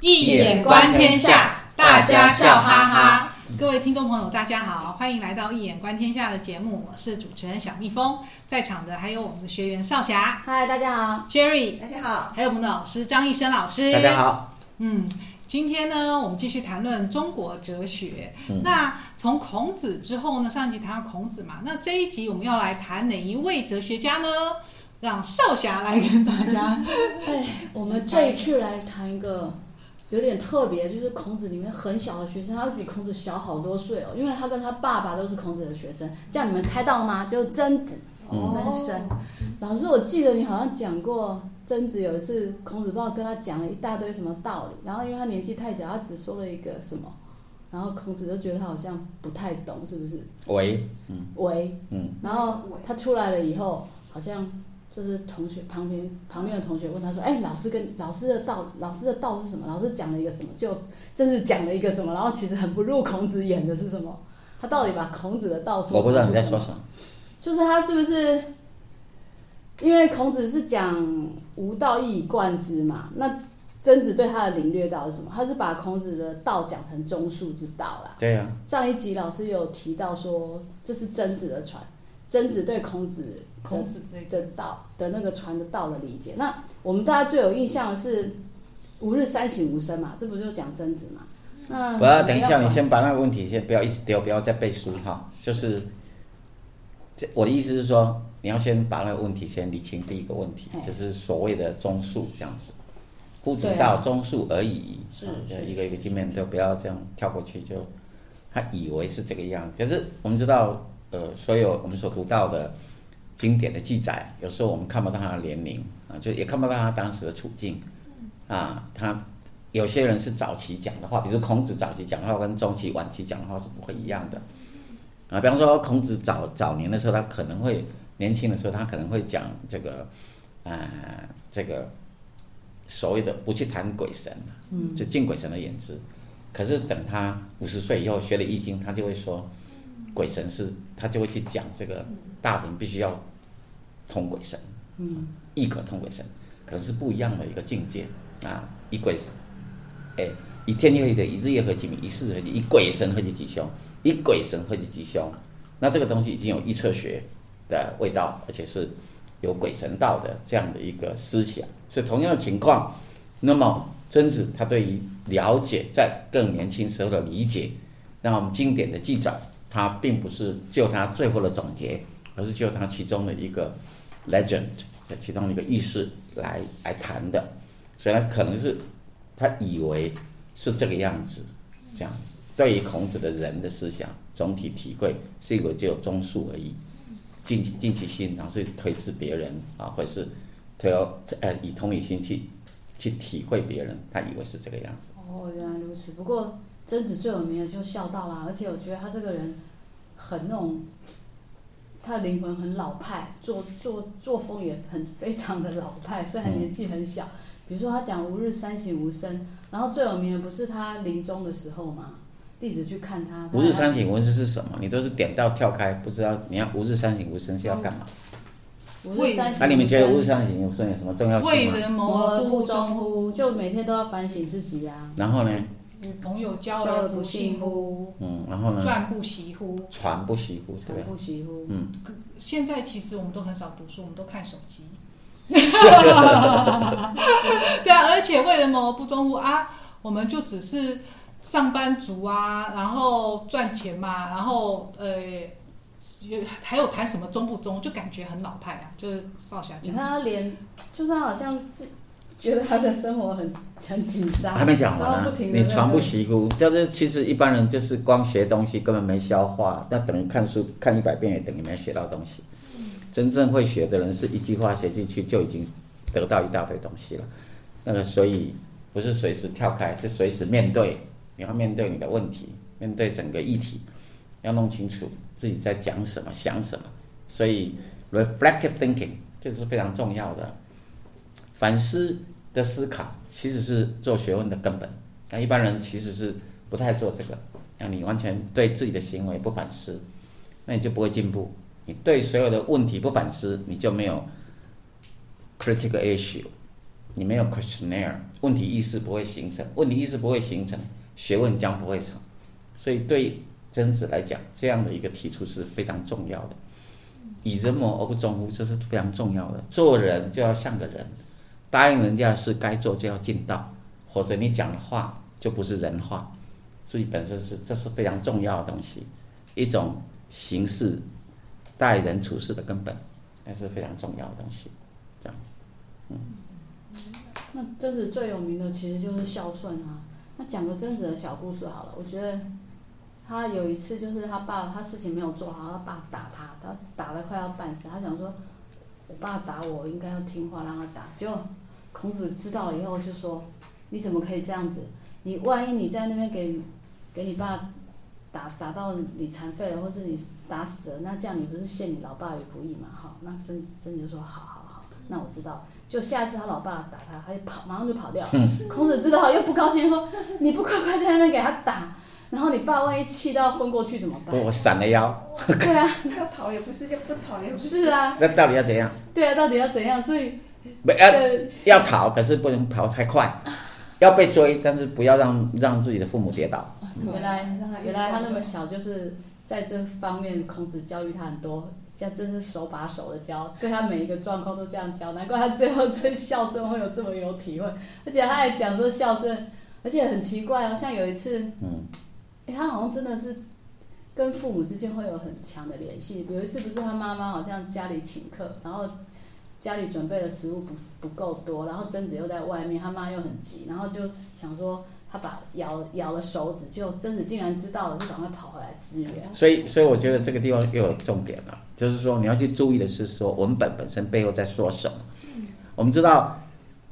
易眼觀天下，天下大家笑哈哈。嗯、各位聽眾朋友，大家好，歡迎來到《易眼觀天下》的節目。我是主持人小蜜蜂，在場的還有我們的學員少俠，嗨，大家好，Jerry，大家好，Jerry，大家好，還有我們的老師張玉生老師，大家好。嗯，今天呢，我們繼續談論中國哲學。嗯、那從孔子之後呢，上一集談到孔子嘛，那這一集我們要來談哪一位哲學家呢？讓少俠來跟大家。 哎，我們這一次來談一個。有點特別，就是孔子裡面很小的學生，他比孔子小好多歲哦，因為他跟他爸爸都是孔子的學生。這樣你們猜到了嗎？就曾子、曾參。嗯、老師，我記得你好像講過，曾子有一次孔子不知道跟他講了一大堆什麼道理，然後因為他年紀太小，他只說了一個什麼，然後孔子就覺得他好像不太懂，是不是？喂，喂嗯，喂，嗯，然後他出來了以後，好像。就是同學旁邊，旁邊的同學問他說：“哎，老師跟老師的道，老師的道是什麼？老師講了一個什麼？就真是講了一個什麼？然後其實很不入孔子眼的是什麼？他到底把孔子的道說成是什麼？我不知道你在說什麼。就是他是不是因為孔子是講吾道一以貫之嘛？那曾子對他的領略道是什麼？他是把孔子的道講成忠恕之道了？對呀、啊。上一集老師有提到說，這是曾子的傳，曾子對孔子。”的的道的那個傳的道的理解，那我們大家最有印象的是“吾日三省吾身”嘛，這不就講曾子嘛？啊！不要等一下，你先把那個問題先不要一直丟，不要再背書、啊、哈。就是這是我的意思是說，你要先把那個問題先理清。第一個問題嘿就是所謂的忠恕這樣子，不知道忠恕而已。啊嗯、是，就一個一個界面就不要這樣跳過去就，就他是以為是這個樣，可是我們知道，呃，所有我們所讀到的。經典的記載，有時候我們看不到他的年齡啊,就也看不到他當時的處境。啊,他有些人是早期講的話，比如孔子早期講的話跟中期、晚期講的話是不會一樣的。啊,比方說孔子早早年的時候，他可能會年輕的時候，他可能會講這個，啊,這個所謂的不去談鬼神，嗯，就敬鬼神的言辭。可是等他五十歲以後學了易經，他就會說。鬼神是，他就會去講這個大人必須要通鬼神，嗯，嗯，一可通鬼神，可是不一樣的一個境界啊。以鬼，哎，以天地合其德，以日月合其明，以四時合其序，以鬼神合其吉凶，以、欸、鬼神合其吉凶。那這個東西已經有預測學的味道，而且是有鬼神道的這樣的一個思想。是同樣的情況，那麼曾子他對於了解在更年輕時候的理解，那麼我們經典的記載。他並不是就他最後的總結，而是就他其中的一個 legend 的其中一個意思來來談的，所以呢，可能是他以為是這個樣子，這樣、嗯、對於孔子的人的思想總體體會，是因為只有忠恕而已，盡盡其心，然後去推知別人啊，或是推呃以同理心去去體會別人，他以為是這個樣子。哦，原來如此，不過。曾子最有名的就孝道啦，而且我覺得他這個人很那種，他的靈魂很老派，作作作風也很非常的老派，雖然年紀很小。嗯、比如說他講“吾日三省吾身”，然後最有名的不是他臨終的時候嗎？弟子去看他。吾日三省吾身是什麼？你都是點到跳開，不知道你要“吾日三省吾身”是要幹嘛？那、嗯會啊、你們覺得“吾日三省吾身”有什麼重要性嗎？為人謀而不忠乎？就每天都要反省自己呀、啊。然後呢？與朋友交而不信乎？嗯，然後呢？傳不習乎？傳不習乎？對不習乎？嗯。現在其實我們都很少讀書，我們都看手機。了 對啊，而且為什麼不忠乎啊？我們就只是上班族啊，然後賺錢嘛，然後呃，有還有談什麼忠不忠就感覺很老派啊，就是少俠講的，你他他連，就是他好像是。覺得他的生活很很緊張，還沒講完呢、啊。你傳不習乎？就是其實一般人就是光學東西根本沒消化，那等於看書看一百遍也等於沒學到東西。真正會學的人是一句話學進去就已經得到一大堆東西了。那個所以不是隨時跳開，是隨時面對，你要面對你的問題，面對整個議題，要弄清楚自己在講什麼、想什麼。所以 reflective thinking 這是非常重要的。反思的思考其實是做學問的根本，那一般人其實是不太做這個。像、啊、你完全對自己的行為不反思，那你就不會進步。你對所有的問題不反思，你就沒有 critical issue，你沒有 questionnaire，問題意識不會形成，問題意識不會形成，學問將不會成。所以對曾子來講，這樣的一個提出是非常重要的。嗯、以人謀而不忠乎？這是非常重要的。做人就要像個人。答應人家的事該做就要盡到，否則你講的話就不是人話，自己本身是這是非常重要的東西，一種行事、待人處事的根本，也是非常重要的東西，這樣，嗯。那曾子最有名的其實就是孝順啊。那講個曾子的小故事好了，我覺得，他有一次就是他爸他事情沒有做好，他爸打他，他打得快要半死，他想說。我爸打我，我應該要聽話，讓他打。就孔子知道了以後，就說：“你怎麼可以這樣子？你萬一你在那邊給給你爸打打到你殘廢了，或者你打死了，那這樣你不是陷你老爸於不義嘛？哈！那曾曾子說：‘好好好，那我知道。’就下一次他老爸打他，他就跑，馬上就跑掉。 孔子知道後又不高興，又說：‘你不快快在那邊給他打。’然後你爸萬一氣到昏過去怎麼辦？不，我閃了腰。對啊，要逃也不是，就不逃也不是。是啊。那到底要怎樣？對啊，到底要怎樣？所以不要、呃、要逃，可是不能逃太快， 要被追，但是不要讓讓自己的父母跌倒。對原來，原來他那麼小，就是在這方面，孔子教育他很多，這真是手把手的教，對他每一個狀況都這樣教，難怪他最後對孝順會有這麼有體會。而且他還講說孝順，而且很奇怪哦，像有一次，嗯。欸、他好像真的是跟父母之間會有很強的聯繫。有一次，不是他媽媽好像家裡請客，然後家裡準備的食物不不夠多，然後曾子又在外面，他媽又很急，然後就想說他把咬咬了手指，結果曾子竟然知道了，就趕快跑回來支援。所以，所以我覺得這個地方又有重點了，啊，就是說你要去注意的是說文本本身背後在說什麼，嗯、我們知道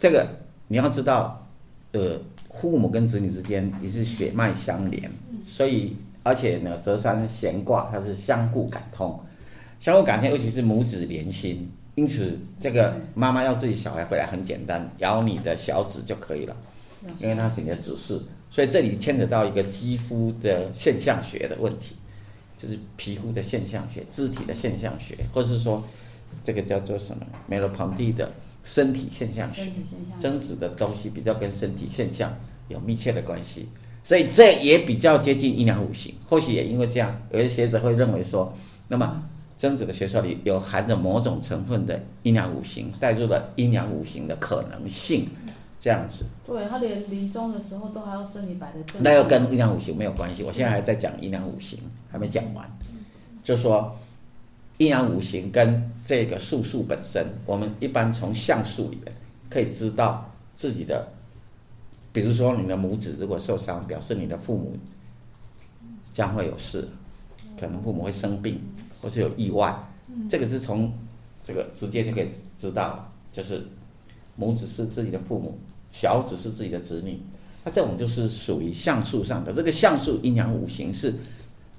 這個，你要知道，呃，父母跟子女之間也是血脈相連，所以，而且呢，澤山咸卦它是相互感通，相互感應，尤其是母子連心。因此，這個媽媽要自己小孩回來很簡單，咬你的小指就可以了，因為它是你的指示。所以這裡牽扯到一個肌膚的現象學的問題，就是皮膚的現象學、肢體的現象學，或是說這個叫做什麼？梅洛龐蒂的身體現象學，增值的東西比較跟身體現象有密切的關係。所以這也比較接近陰陽五行，或許也因為這樣，有些學者會認為說，那麼曾子的學說裡有含着某種成分的陰陽五行，帶入了陰陽五行的可能性，這樣子。對，他連臨終的時候都還要身體擺的正，那又跟陰陽五行沒有關係。我現在還在講陰陽五行，還沒講完，就說陰陽五行跟這個術數本身，我們一般從相術裡面可以知道自己的。比如說，你的拇指如果受傷，表示你的父母將會有事，可能父母會生病或是有意外。嗯、這個是從這個直接就可以知道，就是拇指是自己的父母，小指是自己的子女。那、啊、這種就是屬於相術上的，這個相術陰陽五行是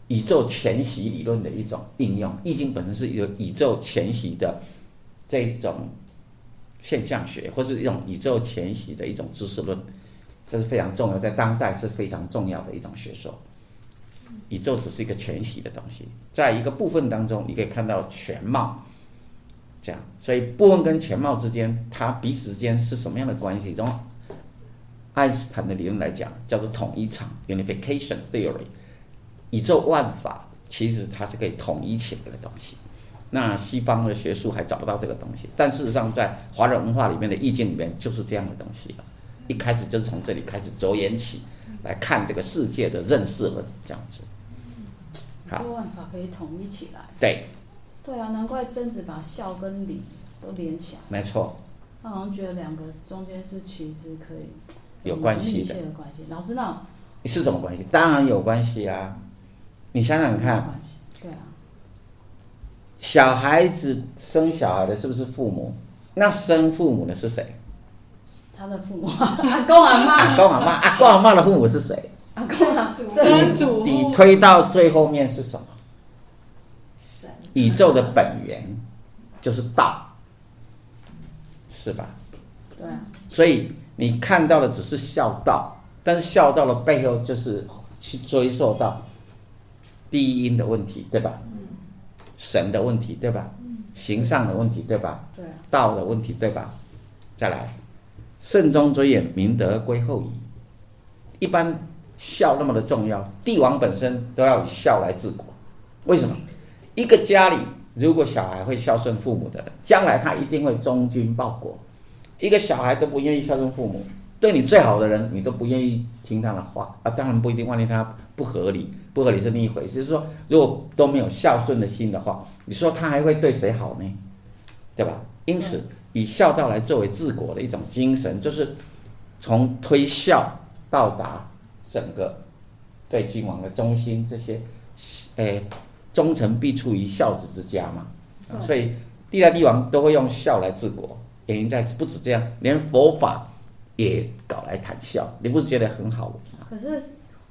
宇宙全息理論的一種應用。易經本身是一個宇宙全息的這一種現象學，或是一種宇宙全息的一種知識論。這是非常重要，在當代是非常重要的一種學說。宇宙只是一個全息的東西，在一個部分當中，你可以看到全貌。這樣，所以部分跟全貌之間，它彼此之間是什麼樣的關係？從愛因斯坦的理論來講，叫做統一場 （Unification Theory）。宇宙萬法其實它是可以統一起來的東西。那西方的學術還找不到這個東西，但事實上，在華人文化裡面的易經裡面就是這樣的東西。一開始就從這裡開始着眼起，來看這個世界的認識和這樣子。好，做辦法可以統一起來。對。對啊，難怪曾子把孝跟禮都連起來。沒錯。他好像覺得兩個中間是其實可以有，有關係的。老師那是什麼關係？當然有關係啊！你想想看。對啊。小孩子生小孩的是不是父母？那生父母的是誰？他的父母， 阿，阿公阿嬤，阿， 阿公阿嬤，阿公阿嬤的父母是誰？阿公阿、啊、祖，祖。你推到最後面是什麼？神。宇宙的本源就是道，是吧？對、啊。所以你看到的只是孝道，但是孝道的背後就是去追溯到第一因的問題，對吧？嗯、神的問題，對吧？嗯、形上的問題，對吧？對啊、道的問題，對吧？再來。慎終追遠，民德歸厚矣。一般孝那麼的重要，帝王本身都要以孝來治國。為什麼？一個家裡如果小孩會孝順父母的人，將來他一定會忠君報國。一個小孩都不願意孝順父母，對你最好的人，你都不願意聽他的話啊！當然不一定，萬一他不合理，不合理是另一回事。就是說，如果都沒有孝順的心的話，你說他還會對誰好呢？對吧？因此。以孝道來作為治國的一種精神，就是從推孝到達整個對君王的忠心，這些誒、欸，忠臣必出於孝子之家嘛。對所以歷代帝王都會用孝來治國，原因在不止這樣，連佛法也搞來談孝，你不是覺得很好嗎？可是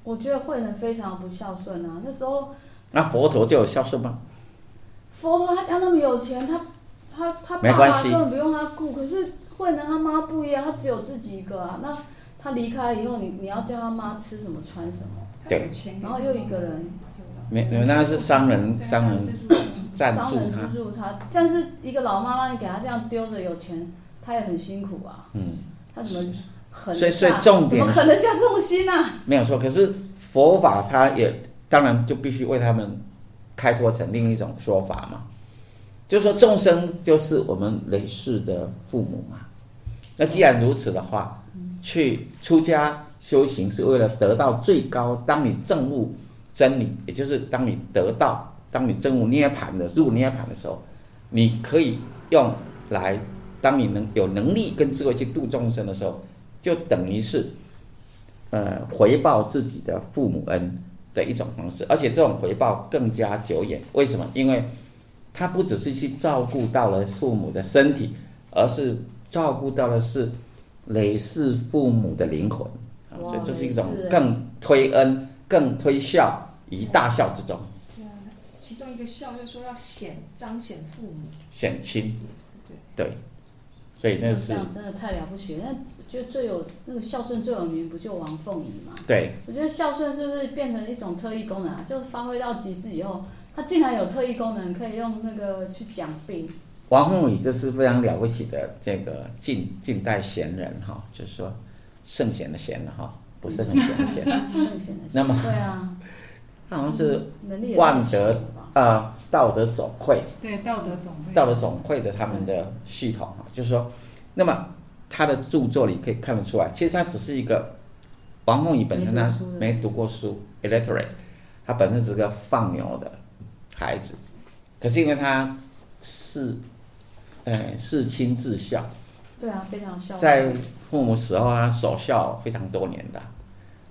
我覺得惠能非常不孝順啊，那時候那佛陀就有孝順嗎？佛陀他家那麼有錢，他。他他爸爸根本不用他顧，可是惠能，他媽不一樣，他只有自己一個啊。那他離開以後，你你要叫他媽吃什麼穿什麼？對，然後又一個人。沒沒，那是商人商人贊人助他。商人資助他，他，但是一個老媽媽，你給他這樣丟着有錢，他也很辛苦啊。嗯。他怎麼狠？所以所以重點是，怎麼狠得下這種心呢、啊？沒有錯，可是佛法它也當然就必須為他們開拓成另一種說法嘛。就是說眾生就是我們累世的父母嘛，那既然如此的話，去出家修行是為了得到最高。當你證悟真理，也就是當你得到，當你證悟涅槃的入涅槃的時候，你可以用來，當你能有能力跟智慧去度眾生的時候，就等於是，呃，回報自己的父母恩的一種方式，而且這種回報更加久遠。為什麼？因為。他不只是去照顧到了父母的身體，而是照顧到的是累世父母的靈魂，哇所以這是一種更推恩、更推孝於大孝之中。對啊對啊。其中一個孝又說要顯彰顯父母顯親，對對，對，所以那是真的太了不起了。但覺得最有那個孝順最有名不就王鳳儀嗎？對，我覺得孝順是不是變成一種特異功能啊？就發揮到極致以後。他竟然有特異功能，可以用那個去講病。王鳳儀，這是非常了不起的這個近近代賢人哈，就是說聖賢的賢人哈，不是很賢的賢。聖賢的賢。那麼，對啊、嗯，好像是萬德呃道德總會。對，道德總會。道德總會的他們的系統哈，就是說，那麼他的著作裡可以看得出來，其實他只是一個王鳳儀本身呢，沒讀過書，illiterate，他本身是個放牛的。孩子，可是因為他是、欸，是，呃，事親至孝。對啊，非常孝順。在父母死後，他守孝非常多年的，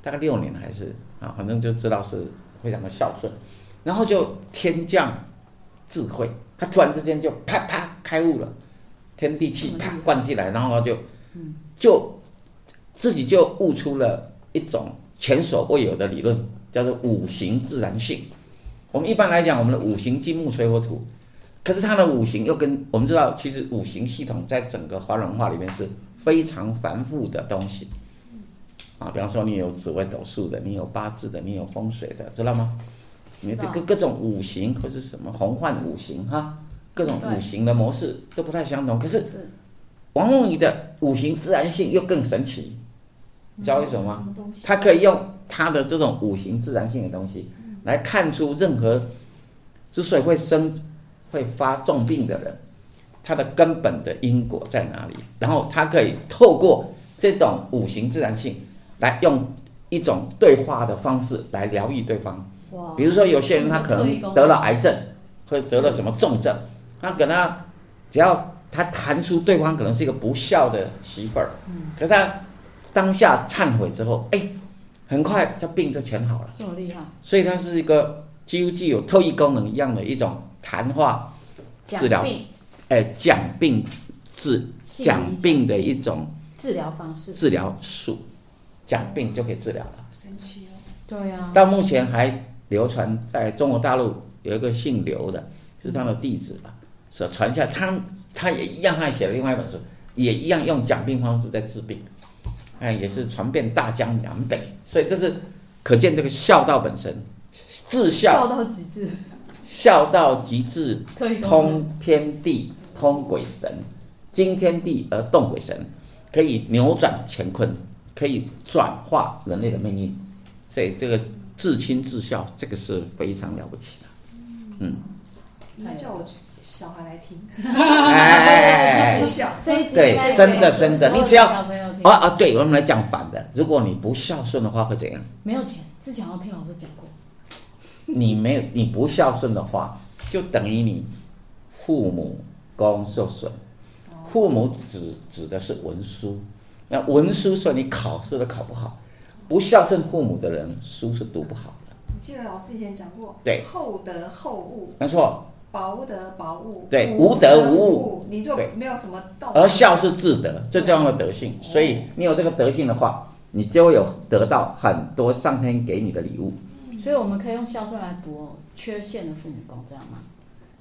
大概六年還是啊，反正就知道是非常的孝順。然後就天降智慧，他突然之間就啪啪開悟了，天地氣啪灌進來，然後他就，就自己就悟出了一種前所未有的理論，叫做五行自然性。我們一般來講，我們的五行金木水火土，可是它的五行又跟我們知道，其實五行系統在整個華人文化裡面是非常繁複的東西。啊，比方說你有紫微斗數的，你有八字的，你有風水的，知道嗎？道你這個各種五行，或是什麼洪範五行哈，各種五行的模式都不太相同。對可是，是王鳳儀的五行自然性又更神奇，你知道為什麼嗎？他可以用他的這種五行自然性的東西。來看出任何之所以會生、會發重病的人，他的根本的因果在哪裡？然後他可以透過這種五行自然性，來用一種對話的方式來療癒對方。比如說有些人他可能得了癌症，或得了什麼重症，是他可能只要他談出對方可能是一個不孝的媳婦兒，可是他當下懺悔之後，哎、欸。很快，這病就全好了，這麼厲害，所以它是一個幾乎具有特異功能一樣的一種談話治療，哎病、呃，講病治性命講病的一種治療方式，治療術，講病就可以治療了，神奇哦，對啊。到目前還流傳在中國大陸有一個姓劉的，就是他的弟子吧，嗯、所以傳下他他也一樣他也寫了另外一本書，也一樣用講病方式在治病。也是傳遍大江南北，所以這是可見這個孝道本身，至孝孝到極致，致通，通天地，通鬼神，驚天地而動鬼神，可以扭轉乾坤，可以轉化人類的命運，所以這個至親至孝，這個是非常了不起的。嗯，那、嗯、叫我小孩來聽， 哎哎哎，真的真的，你只要。啊啊、哦哦，對我們來講反的。如果你不孝順的話，會怎樣？沒有錢。之前我聽老師講過，你沒有你不孝順的話，就等於你父母宮受損。父母指指的是文書，那文書說你考試都考不好，不孝順父母的人，書是讀不好的、啊。我記得老師以前講過，對，厚德厚物，沒錯。無德無物，對，無德無物，你就沒有什麼道。而孝是至德，最重要的德性。哦、所以你有這個德性的話，你就會有得到很多上天給你的禮物、嗯。所以我們可以用孝順來補缺陷的父母宮，這樣嗎？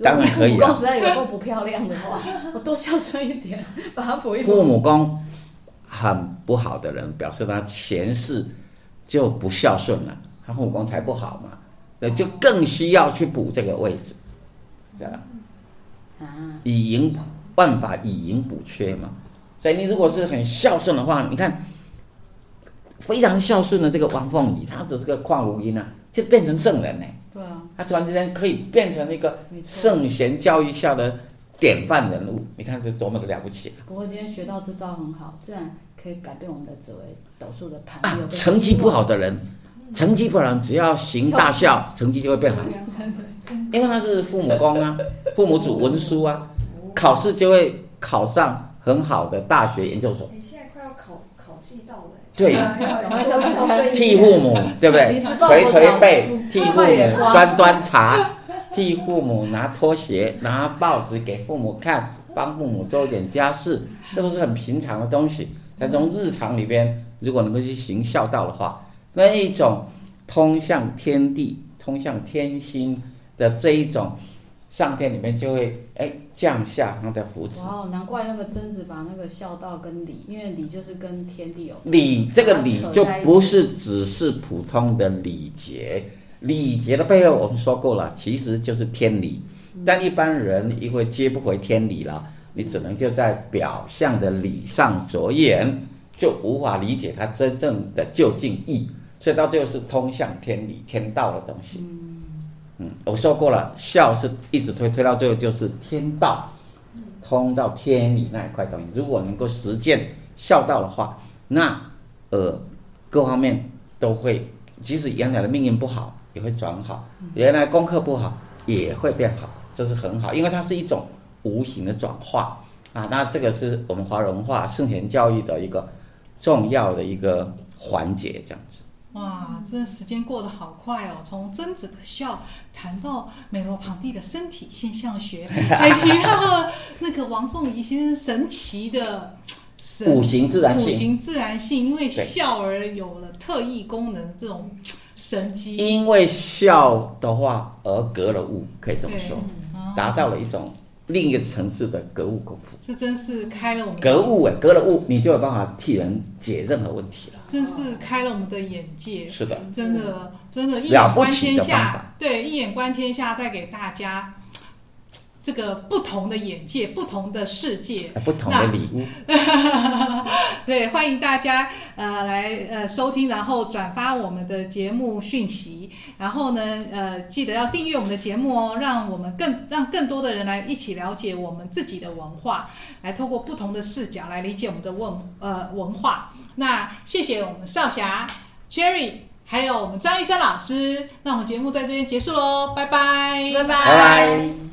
當然可以、啊。如果父母宮實在有夠不漂亮的話， 我多孝順一點，把它補一補。父母宮很不好的人，表示他前世就不孝順了，他父母宮才不好嘛，那就更需要去補這個位置。哦啊！以營萬法，以營補缺嘛。所以你如果是很孝順的話，你看，非常孝順的這個王鳳儀，他只是個礦儒音啊，就變成聖人呢？對啊，他突然之間可以變成那個聖賢教育下的典範人物。你看這多麼的了不起、啊！不過今天學到這招很好，自然可以改變我們的紫微斗數的盤。啊，成績不好的人。成績不然只要行大孝，成績就會變好，因為他是父母宮啊，父母主文書啊，考試就會考上很好的大學、研究所。你現在快要考考季到了，對，替父母，對不對？捶捶、哎、背，替父母端端茶，會會替父母拿拖鞋、拿報紙給父母看，幫父母做點家事，這都是很平常的東西。但從日常裡邊，如果能夠去行孝道的話。那一種通向天地、通向天心的這一種上天裡面就會哎降下他的福祉。哇、哦，難怪那個曾子，把那個孝道跟禮，因為禮就是跟天地有關理這個禮就不是只是普通的禮節，禮節的背後我們說過了，其實就是天理。但一般人因為接不回天理了，你只能就在表象的禮上着眼，就無法理解它真正的究竟意。所以到最後是通向天理、天道的東西。嗯，我說過了，孝是一直推推到最後就是天道，通到天理那一塊東西。如果能夠實踐孝道的話，那呃，各方面都會，即使原來的命運不好，也會轉好；原來功課不好，也會變好。這是很好，因為它是一種無形的轉化啊。那這個是我們華人文化、聖賢教育的一個重要的一個環節，這樣子。哇，這時間過得好快哦！從曾子的孝談到梅洛龐蒂的身體現象學，還提到了那個王鳳儀先生神奇的神奇五行自然性，五行自然性，因為孝而有了特異功能，這種神機。因為孝的話而格了物，可以這麼說，嗯啊、達到了一種另一個層次的格物功夫。這真是開了我們。格物哎，格了物，你就有辦法替人解任何問題。真是開了我們的眼界，是的，真的，真的，的易眼觀天下，對，易眼觀天下帶給大家，這個不同的眼界，不同的世界，不同的禮物。那 對，歡迎大家呃來呃收聽，然後轉發我們的節目訊息，然後呢呃記得要訂閱我們的節目哦，讓我們更讓更多的人來一起了解我們自己的文化，來透過不同的視角來理解我們的文呃文化。那謝謝我們少俠 Cherry 還有我們張醫生老師。那我們節目在這邊結束嘍，拜拜，拜拜 bye。Bye bye